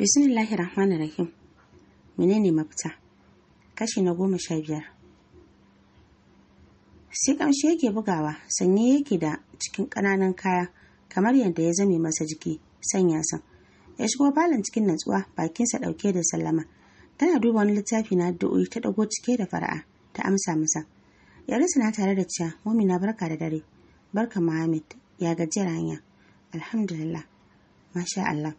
bismillahir rahmanir rahim menene mafita kashi na goma sha biyar sai kamshi yake bugawa sanye yake da cikin ƙananan kaya kamar yadda ya zame masa jiki sanya san ya shigo falon cikin natsuwa bakinsa ɗauke da sallama tana duba wani littafi na addu'o'i ta ɗago cike da fara'a ta amsa masa ya rasa na tare da ciya na barka da dare barka muhammad ya gajiyar hanya alhamdulillah masha allah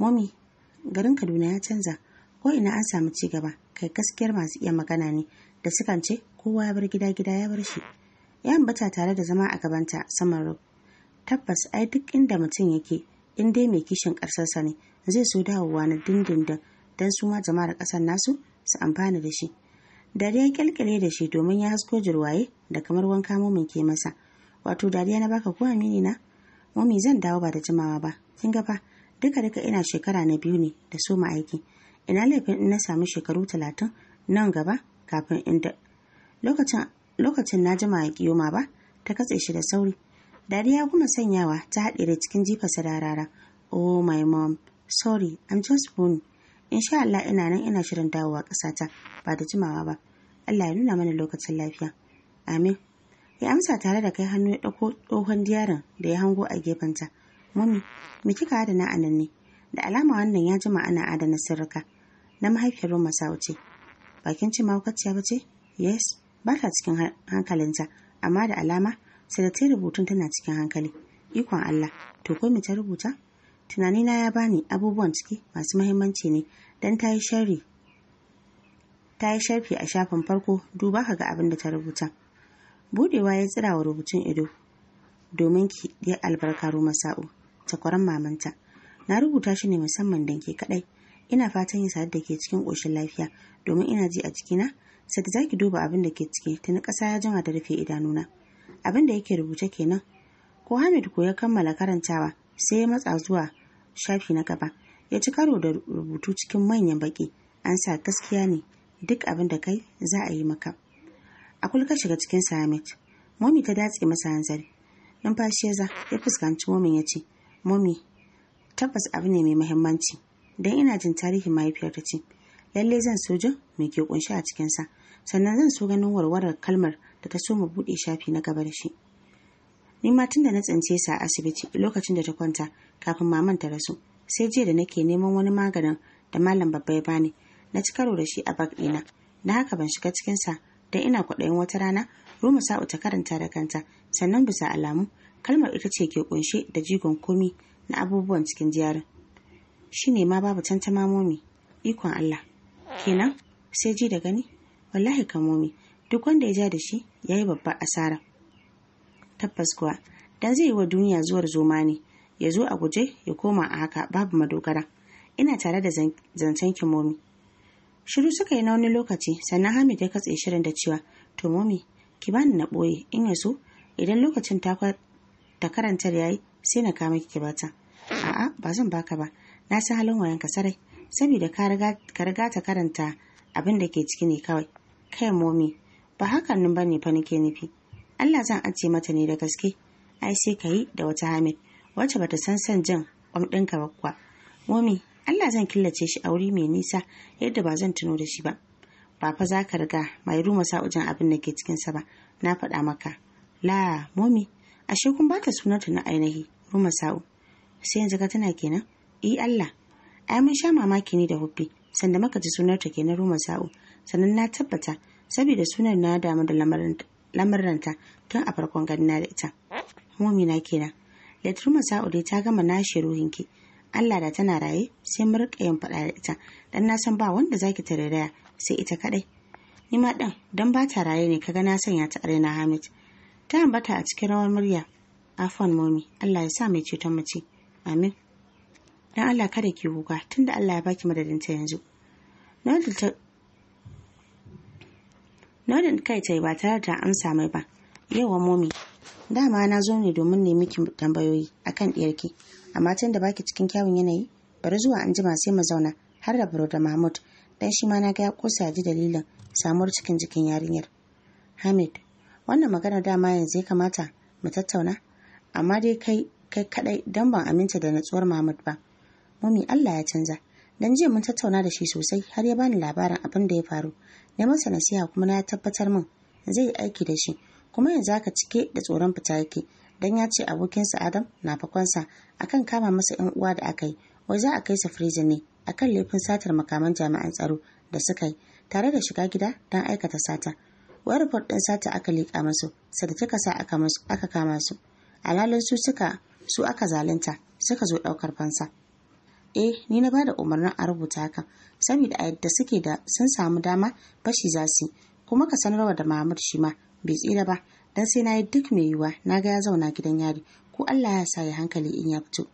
momi garin Kaduna ya canza ko ina an samu ci gaba kai gaskiyar masu iya magana ne da sukan ce kowa ya bar gida gida ya bar shi ya ambata tare da zama a gabanta saman rub tabbas ai duk inda mutum yake in dai mai kishin ƙarsarsa ne zai so dawowa na dindindin don su ma jama'ar kasar nasu su amfana da shi dariya kyalkyale da shi domin ya hasko jirwaye da kamar wanka mumin ke masa wato dariya na baka ko amini na momi zan dawo ba da jimawa ba kin ga fa duka duka ina shekara na biyu ne da soma aiki ina laifin in na samu shekaru talatin nan gaba kafin in da lokacin lokacin na jima kiyoma ba ta katse shi da sauri dariya kuma sanyawa ta haɗe da cikin jifa sararara. oh my mom sorry i'm just born insha Allah ina nan ina shirin dawowa ƙasata ba da jimawa ba Allah ya nuna mana lokacin lafiya amin ya amsa tare da kai hannu ya ɗauko tsohon diyarin da ya hango a gefen ta. mami me kika adana a nan ne da alama wannan ya jima ana adana sirrika na mahaifiyar masau ce bakin cin mahaukaciya ba ce yes ba ta cikin hankalinta amma da alama sai da ta rubutun tana cikin hankali ikon allah to ko me ta rubuta Tunani na ya bani abubuwan ciki masu mahimmanci ne don ta sharri ta yi sharfi a shafin farko duba ka ga abin da ta rubuta budewa ya tsira wa rubutun ido domin ki ya albarka rumasa'u takwaran mamanta na rubuta shi ne musamman don ke kaɗai ina fatan yin sadar da ke cikin ƙoshin lafiya domin ina ji a jikina sai da zaki duba abin da ke ciki tuni ƙasa ya jima da rufe idanuna abin da yake rubuce kenan ko hamid ko ya kammala karantawa sai ya matsa zuwa shafi na gaba ya ci karo da rubutu cikin manyan baki an sa gaskiya ne duk abin da kai za a yi maka a kulka shiga cikin samit momi ta datse masa hanzari numfashi ya za ya fuskanci momin ya ce mummy tabbas abu ne mai muhimmanci don ina jin tarihin mahaifiyar ta ce lalle zan so jin mai ke kunshi a cikinsa sannan zan so ganin warwarar kalmar da ta so mu bude shafi na gaba da shi ni ma tun da na tsince sa a asibiti lokacin da ta kwanta kafin maman ta rasu sai jiya da nake neman wani maganin da malam babba ya bani na ci karo da shi a bag ɗina Na haka ban shiga cikinsa don ina kwaɗayin wata rana Ruma sa'u ta karanta da kanta sannan bisa alamu kalmar ita ce ke kunshe da jigon komi na abubuwan cikin shi ne ma babu tantama momi ikon Allah kenan sai ji da gani wallahi momi. duk wanda ya ja da shi ya yi babbar asara tabbas kuwa don zai yi wa duniya zuwar zoma ne ya zo a guje ya koma a haka babu madogara ina tare da zancen kimomi shiru suka yi na wani lokaci sannan hamid ya katse shirin da cewa to momi ki bani na ɓoye in ya so idan lokacin Da karantar yayi sai na kama kike bata a'a ba zan baka ba na san halin ka sarai saboda ka riga ta karanta abin da ke ciki ne kawai kai momi ba hakan nan bane fa nake nufi Allah zan ajiye mata ne da gaske ai sai ka yi da wata hamid wacce bata san san jin kwam ɗinka ba kuwa momi Allah zan killace shi a wuri mai nisa yadda ba zan tuno da shi ba ba fa za ka riga mai ruma sa'ujin abin da ke cikinsa ba na faɗa maka la momi ashe kun ba ta sunanta na ainihi ruma sa'u sai yanzu ka tana kenan i eh, Allah ai mun sha mamaki ne da hubbi sanda maka ji sunanta kenan ruma sa'u sannan na tabbata saboda sunan na damu da lamarinta tun a farkon ganina da ita mumina kenan Latir Sa'u dai ta gama nashi ruhinki Allah da tana raye sai mu rika yin faɗa da ita dan na san ba wanda zaki ya, sai ita kadai ni ma dan dan ba ta raye ne kaga na sanya ta arena Hamid ta ambata a cikin rawar murya afon momi allah ya sa mai ceton mace amin dan allah kada ki kuka tunda allah ya baki madadinta yanzu nodin kai ta yi ba tare da amsa mai ba yawa momi dama na zo ne domin ne miki tambayoyi akan ɗiyarki amma tun da baki cikin kyawun yanayi bari zuwa an jima sai mu zauna har da baro da mahmud dan shi ma na ga ya kosa ji dalilin samuwar cikin jikin yarinyar hamid wannan magana dama yanzu ya kamata mu tattauna amma dai kai kai kadai dan ban aminta da natsuwar Mahmud ba Mumi Allah ya canza dan jiya mun tattauna da shi sosai har ya bani labarin abin da ya faru ne masa nasiha kuma na tabbatar min zai yi aiki da shi kuma yanzu haka cike da tsoron fita yake dan ya ce abokinsa Adam na fakonsa akan kama masa yan uwa da aka yi wai za a kai sa firizin ne akan laifin satar makaman jami'an tsaro da suka yi tare da shiga gida don aikata sata wa report din sata aka liƙa masu sada kika sa aka kama su alhalin su suka su aka zalunta suka zo ɗaukar fansa eh ni na bada umarnin a rubuta haka saboda a yadda suke da sun samu dama bashi za su kuma ka sanarwa da Mahmud shi ma bai tsira ba dan sai na yi duk mai yiwuwa na ga ya zauna gidan yari ko Allah ya sa ya hankali in ya fito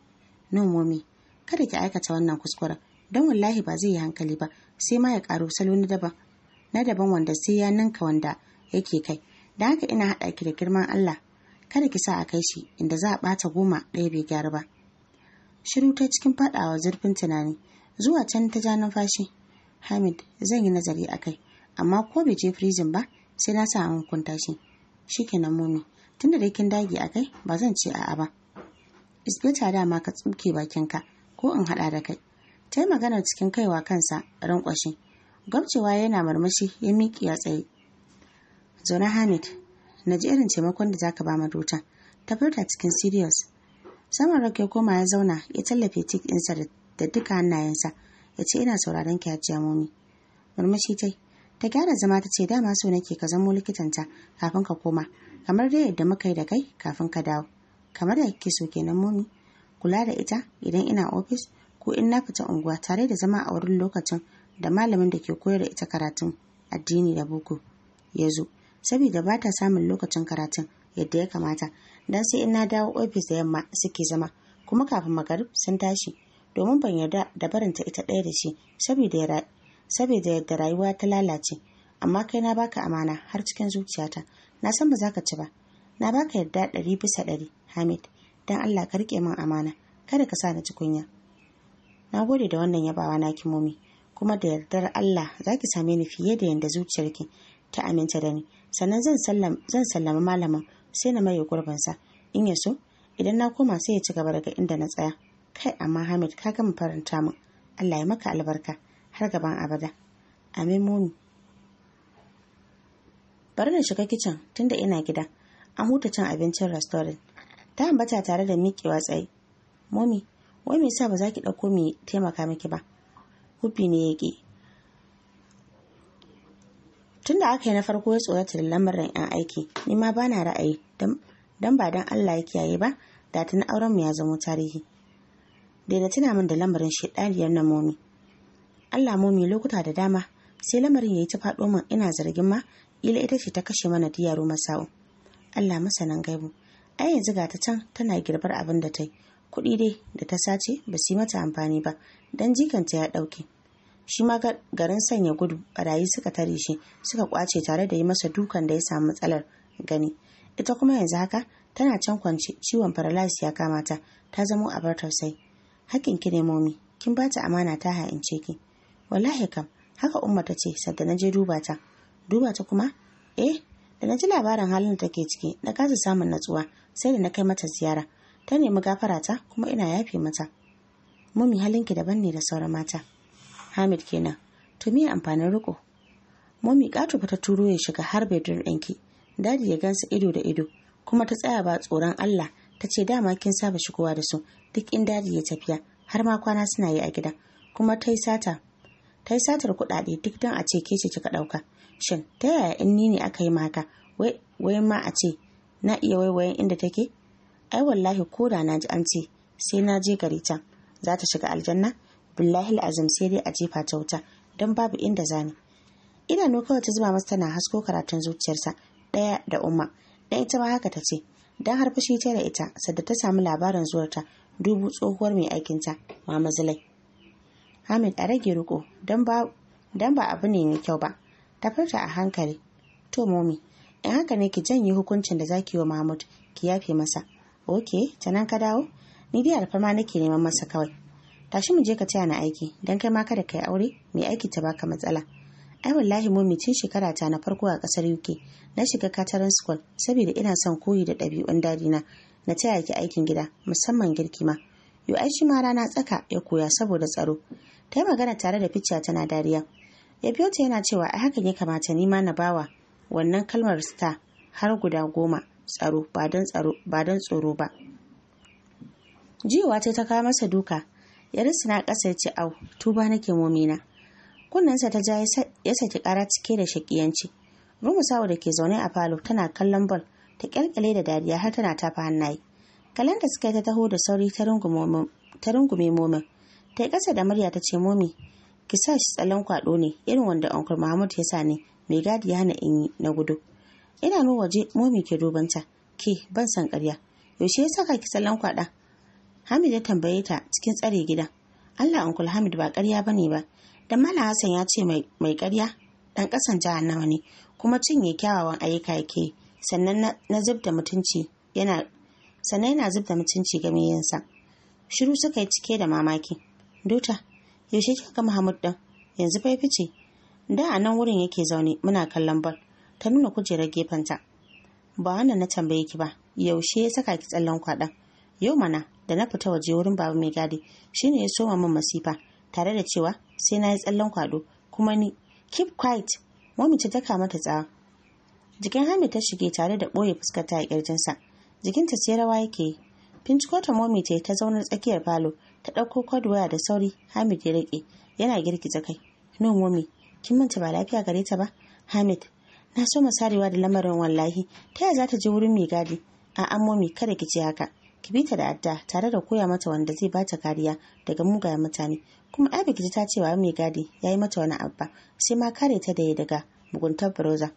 nun momi kada ki aikata wannan kuskuren don wallahi ba zai yi hankali ba sai ma ya karo salo na daban na daban wanda sai ya ninka wanda yake kai da haka ina haɗa ki da girman Allah kada ki sa a kai shi inda za a ɓata goma ɗaya bai gyara ba shiru ta cikin faɗawa zurfin tunani zuwa can ta ja numfashi Hamid zan yi nazari a kai amma ko bai je firijin ba sai na sa an kunta shi shikenan muni tunda dai kin dage a kai ba zan ce a'a ba isbita dama ka tsuke bakinka ko in haɗa da kai ta yi maganar cikin kaiwa kansa rankwashe Gamcewa yana marmashi ya miƙi ya tsaye. zona Hamid, na ji irin taimakon da za ka ba madota. Ta furta cikin serious. Saman rake koma ya zauna ya tallafe tik ɗinsa da duka hannayensa ya ce ina sauraron ki hajiya momi. Murmushi tai. Ta gyara zama ta ce dama so nake ka zamo likitanta kafin ka koma kamar dai yadda muka yi da kai kafin ka dawo. Kamar da kike so kenan momi. Kula da ita idan ina ofis ko in na fita unguwa tare da zama a wurin lokacin da malamin da ke koyar da ita karatun addini da boko ya zo saboda ba ta samun lokacin karatun yadda ya kamata dan sai in na dawo ofis da yamma suke zama kuma kafin magarib sun tashi domin ban yarda da barinta ita ɗaya da shi saboda yadda rayuwa ta lalace amma kai na baka amana har cikin zuciyata na san ba za ka ci ba na baka yarda ɗari bisa ɗari hamid don allah ka rike min amana kada ka sa ni ci kunya na gode da wannan yabawa na kimomi kuma da yardar Allah za ki same ni fiye da yadda zuciyarki ta aminta da ni sannan zan sallama malamin sai na maye gurbinsa in ya so idan na koma sai ya ci gaba daga inda na tsaya kai amma Hamid ka gama faranta min Allah ya maka albarka har gaban abada amin muni bari na shiga kicin tunda ina gida an huta cin abincin restaurant ta ambata tare da miƙewa tsaye momi wai me yasa ba za ki ɗauko mai taimaka miki ba kufi ne yake tun aka yi na farko ya tsorata da lamarin 'yan aiki ni ma ba na ra'ayi don ba don allah ya kiyaye ba da tun auren mu ya zamo tarihi daina tuna min da lamarin shaɗaniyar na momi allah momi lokuta da dama sai lamarin ya yi ta faɗo min ina zargin ma ila ita ce ta kashe mana diyaro masa'u allah masanan gaibu ai yanzu ga ta can tana girbar abin da ta yi kuɗi dai da ta sace ba su yi mata amfani ba don jikanta ya ɗauke shi ma garin sanya gudu barayi suka tare shi suka kwace tare da yi masa dukan da ya samu matsalar gani ita kuma yanzu haka tana can kwance ciwon paralysis ya kama ta ta zamo a bar tausayi hakkin ki ne momi kin ba ta amana ta ha'ince ki wallahi kam haka umma ta ce sadda na je duba ta duba ta kuma eh da na ji labarin halin da take ciki na kasa samun natsuwa sai da na kai mata ziyara ta nemi gafara ta kuma ina yafe mata mumi halinki daban ne da sauran mata hamid kenan to me amfanin riko momi katu ta turo ya shiga har bedroom ɗinki dadi ya gansa ido da ido kuma ta tsaya ba tsoron allah ta ce dama kin saba shigowa da su duk in dadi ya tafiya har ma kwana suna yi a gida kuma ta yi sata ta yi satar kuɗaɗe duk don a ce ke ce kika ɗauka shin ta yaya in ni ne aka yi maka wai ma a ce na iya waiwayen inda take ai wallahi ko da na ji an ce sai na je gari ta za ta shiga aljanna billahi azam sai dai a jefa ta wuta don babu inda zani idanu kawai ta zuba masa tana hasko karatun zuciyarsa ɗaya da umma dan ita ma haka ta ce dan har fushi ta da ita sadda ta samu labarin zuwarta dubu tsohuwar mai aikinta mama zulai hamid a rage riko don ba dan ba abu ne mai kyau ba ta furta a hankali to momi in haka ne ki janye hukuncin da zaki wa mahmud ki yafe masa ok ta nan ka dawo ni dai alfarma nake neman masa kawai tashi mu je ka taya na aiki dan kai ma kada kai aure mai aiki ta baka matsala ai wallahi mu mitin shekara ta na farko a kasar UK na shiga Catering school saboda ina son koyi da ɗabi'un dadi na na taya ki aikin gida musamman girki ma yo ai shi ma rana tsaka ya koya saboda tsaro ta magana tare da ficca tana dariya ya biyo ta yana cewa ai hakan ya kamata ni ma na bawa wannan kalmar star har guda goma tsaro ba don tsaro ba don tsoro ba jiyowa ta kawo masa duka ya risina ƙasa ya ce au tuba nake momina kunnensa ta ja ya saki kara cike da shaƙiyanci rumusawa da ke zaune a falo tana kallon bol ta kyalkyale da dariya har tana tafa hannaye Kalanda suka yi ta taho da sauri ta rungume momin ta yi ƙasa da murya ta ce momi ki sa shi tsalon kwaɗo ne irin wanda onkul mahmud ya sa ne mai gadi ya hana in yi na gudu "Ina idanu waje momi ke dubanta "Ke ban san karya." yaushe ya saka ki tsalon kwaɗa Hamid ya tambaye ta cikin tsare gidan. Allah Uncle Hamid ba ƙarya bane ba. Dan Malam Hassan ya ce mai karya. dan ƙasan nawa ne kuma cinye kyawawan ayyuka yake sannan na mutunci yana sannan yana zubda mutunci ga yinsa. Shiru suka yi cike da mamaki. Dota, yaushe kika ga Muhammad dan? Yanzu fa fice. Da a nan wurin yake zaune muna kallon bal. Ta nuna kujerar gefenta. Ba wannan na tambaye ki ba. Yaushe ya saka ki tsallan kwaɗan? yau mana da na fita waje wurin baba mai gadi shine ya soma min masifa tare da cewa sai na yi tsallen kwado kuma ni keep quiet mami ta daka mata tsawa jikin Hamid ta shige tare da boye fuskar ta a ƙirjinsa jikinta sai rawa yake yi fincikota momi ta ta zaunar tsakiyar falo ta ɗauko kwadwaya da sauri hamid ya rike yana girgiza kai no momi kin manta ba lafiya gare ta ba hamid na so masarewa da lamarin wallahi ta yaya za ta je wurin mai gadi a'a momi kada ki ce haka ki bi ta da adda tare da koya mata wanda zai ba ta kariya daga mugayen mutane kuma ai ta ji ta cewa mai gadi ya yi mata wani abba sai ma kare ta da ya daga muguntar broza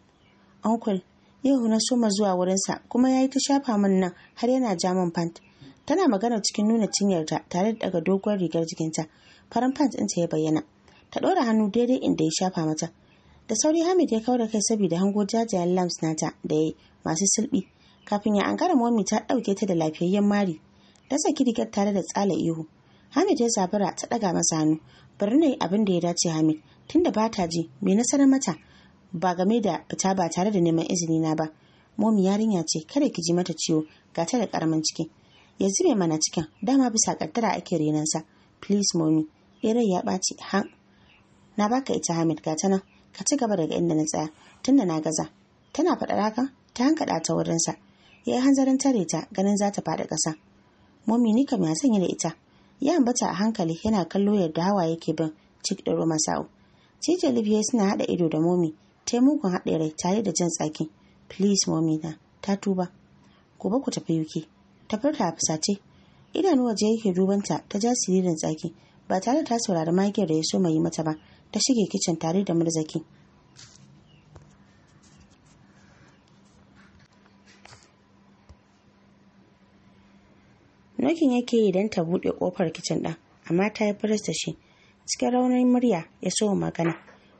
uncle yau na soma zuwa wurinsa kuma ya yi ta shafa min nan har yana ja min pant tana magana cikin nuna cinyarta tare da daga doguwar rigar jikinta farin pant ɗinta ya bayyana ta ɗora hannu daidai inda ya shafa mata da sauri hamid ya kawar da kai saboda hango jajayen lams nata da ya yi masu sulɓi kafin ya ankara momi ta ɗauke ta da lafiyayyen mari ta saki rigar tare da tsala ihu hamid ya zabura ta ɗaga masa hannu bari na abin da ya dace hamid tunda ba ta ji me nasarar mata ba game da fita ba tare da neman izini na ba momi yarinya ce kada ki ji mata ciwo ga ta da karamin ciki Yanzu zube mana cikin dama bisa kaddara ake sa please momi irai eh, ya baci ha na baka ita hamid ga ta nan ka ci gaba daga inda na tsaya tunda na gaza tana faɗar haka ta hankaɗa ta wurinsa ya yi hanzarin tare ta ganin za ta faɗi ƙasa momi ni kam ya sanya da ita ya ambata a hankali yana kallo yadda hawa yake bin cik ɗaro masau. sa'o cijo suna haɗa ido da momi ta yi mugun haɗe tare da jan tsaki please momi na ta tuba gobe ku tafi yuki ta furta a fusace idanu waje yake dubanta ta ja siririn tsaki ba tare ta saurari magiyar da ya so mai yi mata ba ta shige kicin tare da murzaki nokin yake yi don ta buɗe ƙofar kicin ɗin amma ta yi da shi cikin raunin murya ya so magana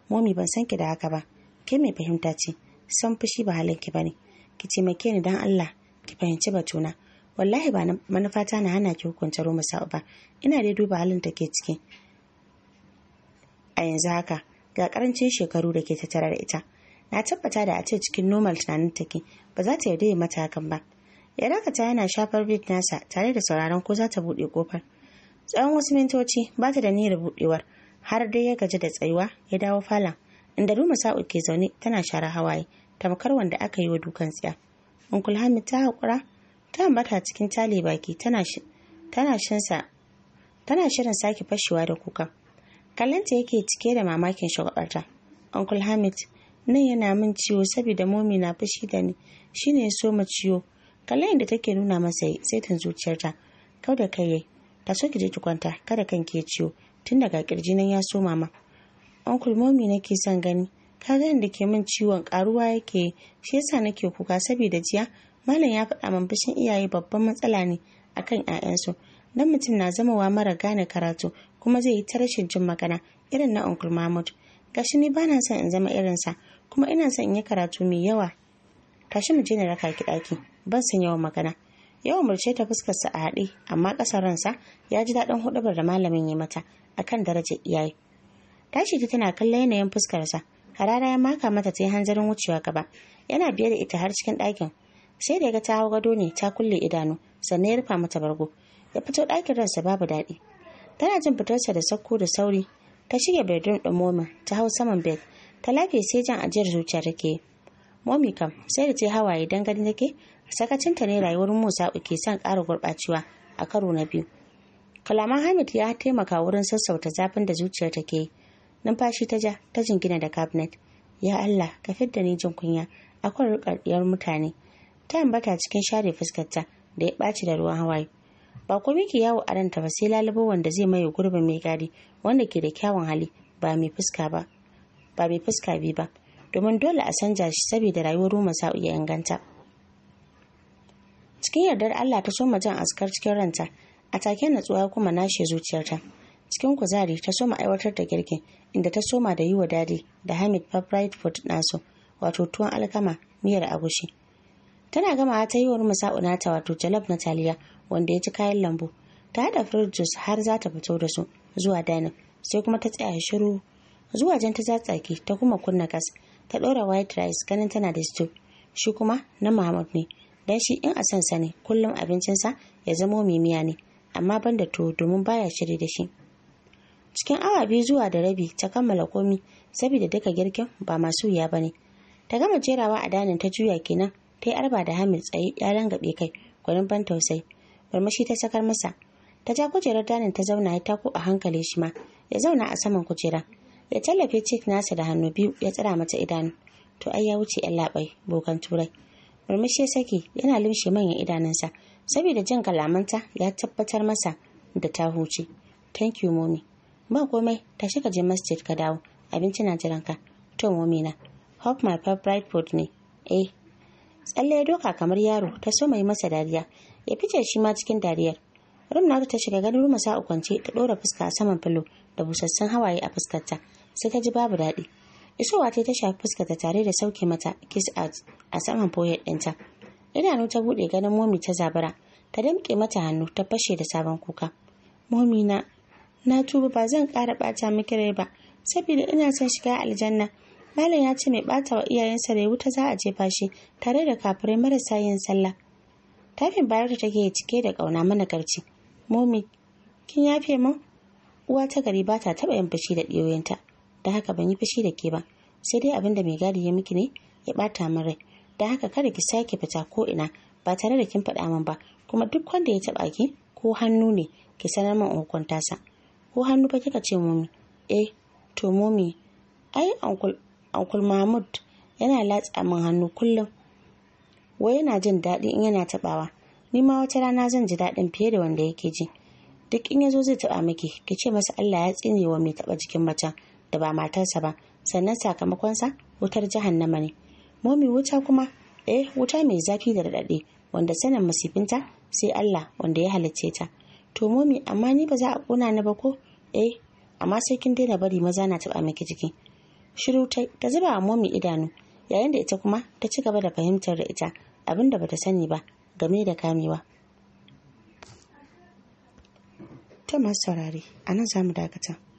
momi ban san ki da haka ba ke mai fahimta ce san fushi ba halin ki bane ki taimake ni don Allah ki fahimci batuna wallahi ba manufata na hana ki hukunta Roma sa'u ba ina dai duba halin ke ciki a yanzu haka ga karancin shekaru da ke tattare da ita na tabbata da a ce cikin normal tunanin take ba za ta yarda ya mata hakan ba ya dakata yana shafar bid nasa tare da sauraron ko za ta buɗe kofar tsawon wasu mintoci ba ta da niyyar buɗewar har dai ya gaji da tsayuwa ya dawo falon inda duma sa'u ke zaune tana shara hawaye tamkar wanda aka yi wa dukan tsiya unkul hamid ta haƙura ta ambata cikin tale baki tana shirin sake fashewa da kuka kallanta yake cike da mamakin shagabarta uncle hamid nan yana min ciwo saboda momi na fushi da ni shine ya so mu ciwo kallon da take nuna masa sai tun zuciyarta kau da kai ta so ki je ki kwanta kada kan ke ciwo tun daga kirji nan ya so mama uncle mommy nake son gani ka ga yadda ke min ciwon karuwa yake shi yasa nake kuka saboda jiya malam ya faɗa min fushin iyaye babban matsala ne akan ƴaƴansu dan mutum na zama wa mara gane karatu kuma zai yi ta rashin jin magana irin na uncle mahmud gashi ni bana son in zama irinsa kuma ina son in yi karatu mai yawa tashi mu je na raka ki ɗaki ban san yawan magana Yawan murce ta fuskarsa a haɗe amma ƙasar ransa ya ji daɗin huɗubar da malamin ya mata akan darajar iyaye tashi ta tana kallon yanayin fuskarsa harara ya maka mata ta yi hanzarin wucewa gaba yana biye da ita har cikin ɗakin sai da yaga ga ta hau gado ne ta kulle idanu sannan ya rufa mata bargo ya fito ɗakin ransa babu daɗi tana jin fitarsa da sakko da sauri ta shige bedroom ɗin moma ta hau saman bed ta lafe sai jan ajiyar zuciya take momi kam sai da ce hawaye dan gani take sakacinta ne rayuwar musa uke son ƙara gurɓacewa a karo na biyu kalaman hamid ya taimaka wurin sassauta zafin da zuciyar ke yi numfashi ta ja ta jingina da cabinet ya allah ka da ni jin kunya akwai rikardiyar mutane ta ambata cikin share fuskarta da ya ɓaci da ruwan hawaye ba komai ke yawo a ranta ba sai lalubo wanda zai maye gurbin mai gadi wanda ke da kyawun hali ba mai fuska ba ba mai fuska bi ba domin dole a canja shi saboda rayuwar Roma ya iya inganta. Cikin yardar Allah ta soma jan askar cikin ranta, a take natsuwa kuma nashe zuciyarta. Cikin kuzari ta soma aiwatar da girki, inda ta soma da yi wa dadi da Hamid Fabright Food nasu, wato tuwon alkama miyar agushi. Tana gama ta yi wa Roma nata wato jalab na taliya wanda ya ci kayan lambu. Ta haɗa fruit har za ta fito da su zuwa dining sai kuma ta tsaya shiru zuwa jan ta tsaki ta kuma kunna gas ta ɗora white rice ganin tana da stew shi kuma na Muhammad ne dan shi in a sansa ne kullum abincinsa ya zamo mai ne amma ban da tuwo domin baya shiri da shi cikin awa biyu zuwa da rabi ta kammala komi saboda duka girkin ba masu wuya ba ne ta gama jerawa a danin ta juya kenan ta yi arba da hamil tsaye ya gaɓe kai gwanin ban tausayi murmushi ta sakar masa ta ja kujerar danin ta zauna ya tako a hankali shi ma ya zauna a saman kujera ya tallafe cik nasa da hannu biyu ya tsira mata idanu to ai ya wuce yan labai bokan turai murmushi saki yana limshe manyan idanunsa saboda jin kalamanta ya tabbatar masa da ta huce thank you mommy ba komai ta ka je masjid ka dawo abinci na jiran ka. to mommy na hope my favorite food ne eh tsalle ya doka kamar yaro ta so mai masa dariya ya fice shi ma cikin dariyar rumna ta shiga ganin rumasa ukwance kwance ta ɗora fuska a saman filo da busassun hawaye a fuskarta. sai ta ji babu daɗi isowa ta ta shafi fuskata tare da sauke mata kiss out a saman foyar ɗinta idanu ta buɗe ganin momi ta zabara ta damƙe mata hannu ta fashe da sabon kuka momi na na tuba ba zan ƙara ɓata miki rai ba saboda ina son shiga aljanna malam ya ce mai ɓata wa iyayensa rai wuta za a jefa shi tare da kafirai marasa yin sallah tafin bayar da take cike da ƙauna mana garci momi kin yafe min uwa ta gari ba ta taɓa yin fushi da ɗiyoyinta da haka ban yi fushi da ke ba sai dai abin da mai gadi ya miki ne ya bata min rai da haka kada ki sake fita ko ina ba tare da kin faɗa min ba kuma duk wanda ya taɓa ki ko hannu ne ki sanar min hukunta sa ko hannu ba kika ce momi eh to momi ai ankul mahmud yana latsa min hannu kullum wai yana jin daɗi in yana taɓawa ni ma wata rana zan ji daɗin fiye da wanda yake ji duk in yazo zai taɓa miki ki ce masa Allah ya tsine wa mai taɓa jikin macen da ba matarsa ba sannan sakamakonsa wutar jahannama ne momi wuta kuma eh wuta mai zafi da radade wanda sanin masifinta sai Allah wanda ya halicce ta to momi amma ni ba za a ƙona ni ba ko eh amma sai kin daina bari maza na taba miki jiki shiru ta ta zuba wa momi idanu yayin da ita kuma ta ci gaba da fahimtar da ita abinda da bata sani ba game da kamewa ta masu saurare a za mu dakata